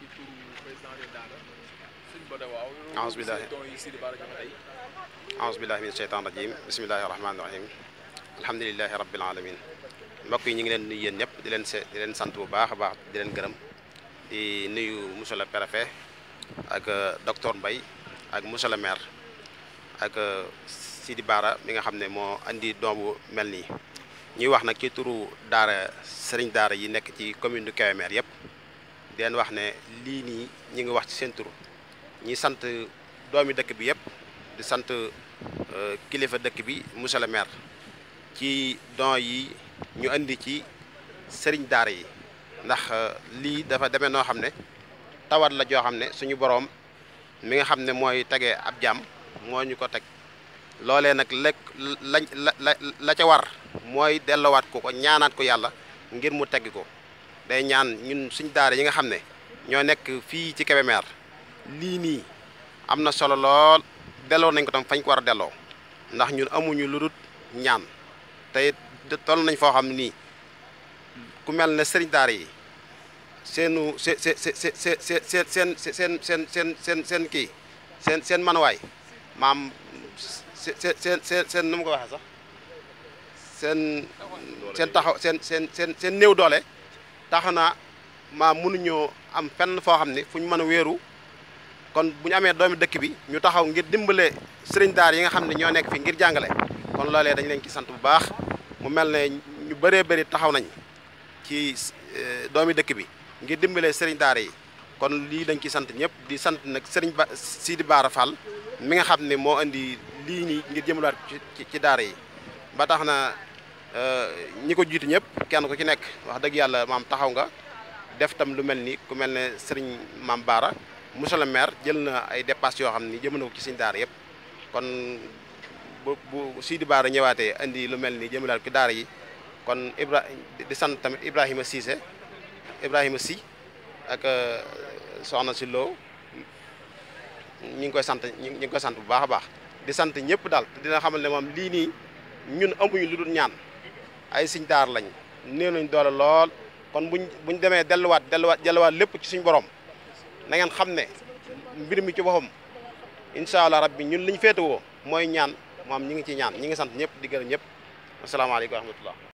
ci turu président de daara sëñ Bada waaw aouzu billahi aouzu billahi min sheytaan rajim bismillahi rahmaani rahim alhamdulilahi rabbil alamin mbokk yi ñu ngi leen nuyu yéen ñëpp di leen se di leen sant bu baax a baax di leen gërëm di nuyu monsieur le préfet ak euh, docteur mbay ak monsieur le maire ak euh, Sidi Bara mi nga xam ne moo indi doomu mel nii ñuy wax nag ci turu daara sëriñ daara yi nekk ci commune du Kébémer yëpp den wax ne lii nii ñi ngi wax ci seen tur ñi sant doomi dëkk bi yëpp di sant euh, kilifa dëkk bi monsieur le maire ci don yi ñu indi ci sëriñ daara yi ndax euh, lii dafa deme noo xam ne tawat la joo xam ne suñu boroom mi nga xam ne mooy tege ab jàmm moo ñu ko teg loolee nag lekk lañ la la la ca war mooy dellowaat ko ko ñaanaat ko yàlla ngir mu tegg ko day ñaan ñun suñ daar yi nga xam ne ñoo nekk fii ci Kébémer lii nii am na solo lool delloo nañ ko tam fañ ko war a delloo ndax ñun amuñu lu dul ñaan te toll nañ foo xam nii ku mel ne sëriñ daar yi seenu seen seen seen seen seen seen seen seen kii seen seen manuwaay maam seen seen seen ko waxee sax seen seen taxaw seen seen seen seen néew doole tax na maa mënuñoo am fenn foo xam ne fu ñu mën a wéeru kon bu ñu amee doomi dëkk bi ñu taxaw ngir dimbale sëriñ daar yi nga xam ne ñoo nekk fi ngir jàngale kon loolee dañ leen ci sant bu baax mu mel ne ñu bëree bëri taxaw nañ ci eh, doomi dëkk bi ngir dimbale sëriñ daar yi kon lii dañ ci sant ñëpp di sant nag sëriñ ba Sidi Bara mi nga xam ni moo indi lii nii ngir jëmalaat ci ci daar yi ba tax na Eh, ñiko ko ñep kenn ko ci nek wax deug yalla mam taxaw nga def tam lu melni ni ku melni serigne mam bara monsieur le maire jël na ay dépasse yo xamni ni ko ci serigne daara yëpp kon bu si Sidi bara ñëwaaté andi lu melni ni jëmalaat ko daara yi kon Ibra di sant tamit Ibrahima Cissé Ibrahima Sy ak eh, soxna si Lo ñing koy sant ñing koy sant bu baaxa baax di sant ñëpp dal dina xamal ne mom li ni ñun amuñu lu dul ñaan. ay siñ daar lañ nee nañ doole lool kon buñ buñ demee delluwaat delluwaat delluwaat lépp ci suñ borom na ngeen xam ne mbir mi ci boppam incha allah rabbi ñun liñ féetewoo mooy ñaan moom ñi ngi ci ñaan ñi ngi sant ñëpp di gërëm ñëpp asalaamaaleykum wa